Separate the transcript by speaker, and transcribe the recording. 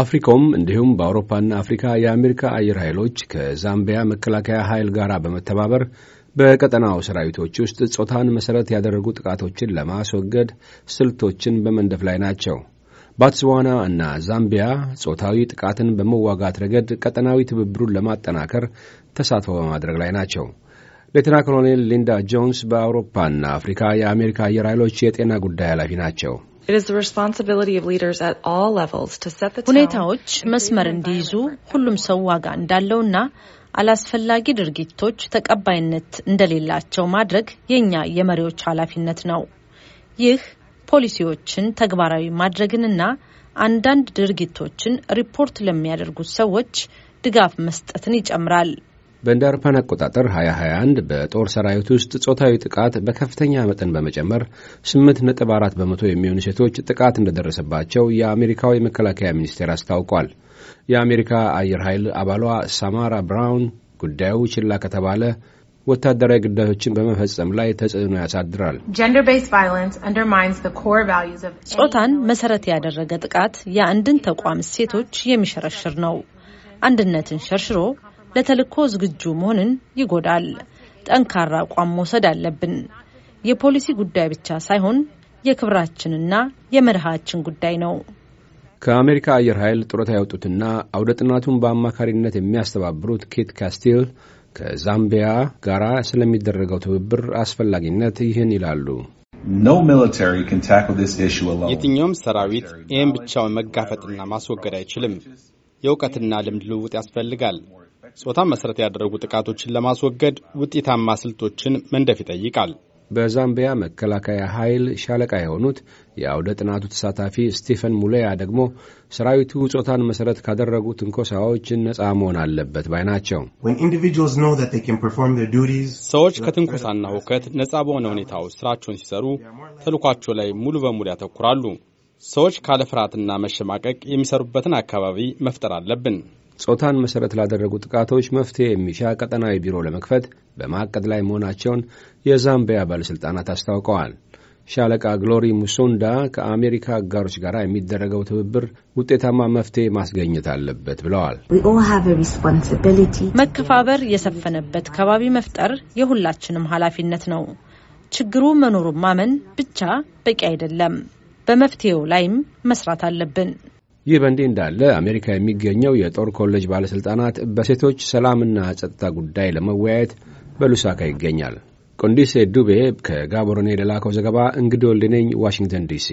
Speaker 1: አፍሪኮም እንዲሁም በአውሮፓና አፍሪካ የአሜሪካ አየር ኃይሎች ከዛምቢያ መከላከያ ኃይል ጋር በመተባበር በቀጠናው ሰራዊቶች ውስጥ ጾታን መሠረት ያደረጉ ጥቃቶችን ለማስወገድ ስልቶችን በመንደፍ ላይ ናቸው። ባትስዋና እና ዛምቢያ ጾታዊ ጥቃትን በመዋጋት ረገድ ቀጠናዊ ትብብሩን ለማጠናከር ተሳትፎ በማድረግ ላይ ናቸው። ሌተና ኮሎኔል ሊንዳ ጆንስ በአውሮፓና አፍሪካ የአሜሪካ አየር ኃይሎች የጤና ጉዳይ ኃላፊ ናቸው።
Speaker 2: ሁኔታዎች መስመር እንዲይዙ ሁሉም ሰው ዋጋ እንዳለውና አላስፈላጊ ድርጊቶች ተቀባይነት እንደሌላቸው ማድረግ የእኛ የመሪዎች ኃላፊነት ነው። ይህ ፖሊሲዎችን ተግባራዊ ማድረግንና አንዳንድ ድርጊቶችን ሪፖርት ለሚያደርጉት ሰዎች ድጋፍ መስጠትን ይጨምራል።
Speaker 1: በእንደ አውሮፓውያን አቆጣጠር 2021 በጦር ሰራዊት ውስጥ ጾታዊ ጥቃት በከፍተኛ መጠን በመጨመር 8.4 በመቶ የሚሆኑ ሴቶች ጥቃት እንደደረሰባቸው የአሜሪካው የመከላከያ ሚኒስቴር አስታውቋል። የአሜሪካ አየር ኃይል አባሏ ሳማራ ብራውን ጉዳዩ ችላ ከተባለ ወታደራዊ ግዳዮችን በመፈጸም ላይ ተጽዕኖ ያሳድራል።
Speaker 2: ጾታን መሰረት ያደረገ ጥቃት የአንድን ተቋም እሴቶች የሚሸረሽር ነው። አንድነትን ሸርሽሮ ለተልእኮ ዝግጁ መሆንን ይጎዳል። ጠንካራ አቋም መውሰድ አለብን። የፖሊሲ ጉዳይ ብቻ ሳይሆን የክብራችንና የመርሃችን ጉዳይ ነው።
Speaker 1: ከአሜሪካ አየር ኃይል ጡረታ ያወጡትና አውደ ጥናቱን በአማካሪነት የሚያስተባብሩት ኬት ካስቲል ከዛምቢያ ጋር ስለሚደረገው ትብብር አስፈላጊነት ይህን ይላሉ።
Speaker 3: የትኛውም ሰራዊት ይህን ብቻውን መጋፈጥና ማስወገድ አይችልም። የእውቀትና ልምድ ልውውጥ ያስፈልጋል። ጾታን መሰረት ያደረጉ ጥቃቶችን ለማስወገድ ውጤታማ ስልቶችን መንደፍ ይጠይቃል።
Speaker 1: በዛምቢያ መከላከያ ኃይል ሻለቃ የሆኑት የአውደ ጥናቱ ተሳታፊ ስቲፈን ሙሌያ ደግሞ ሰራዊቱ ጾታን መሰረት ካደረጉ ትንኮሳዎች ነፃ መሆን አለበት ባይ ናቸው።
Speaker 3: ሰዎች ከትንኮሳና ሁከት ነፃ በሆነ ሁኔታ ውስጥ ስራቸውን ሲሰሩ ተልኳቸው ላይ ሙሉ በሙሉ ያተኩራሉ። ሰዎች ካለ ፍርሃትና መሸማቀቅ የሚሰሩበትን አካባቢ መፍጠር አለብን።
Speaker 1: ጾታን መሠረት ላደረጉ ጥቃቶች መፍትሄ የሚሻ ቀጠናዊ ቢሮ ለመክፈት በማቀድ ላይ መሆናቸውን የዛምቢያ ባለሥልጣናት አስታውቀዋል። ሻለቃ ግሎሪ ሙሶንዳ ከአሜሪካ አጋሮች ጋር የሚደረገው ትብብር ውጤታማ መፍትሄ ማስገኘት አለበት ብለዋል።
Speaker 2: መከፋበር የሰፈነበት ከባቢ መፍጠር የሁላችንም ኃላፊነት ነው። ችግሩ መኖሩን ማመን ብቻ በቂ አይደለም። በመፍትሄው ላይም መስራት አለብን።
Speaker 1: ይህ በእንዲህ እንዳለ አሜሪካ የሚገኘው የጦር ኮሌጅ ባለሥልጣናት በሴቶች ሰላምና ጸጥታ ጉዳይ ለመወያየት በሉሳካ ይገኛል። ቆንዲሴ ዱቤ ከጋቦሮኔ ለላከው ዘገባ እንግዲ ወልድነኝ ዋሽንግተን ዲሲ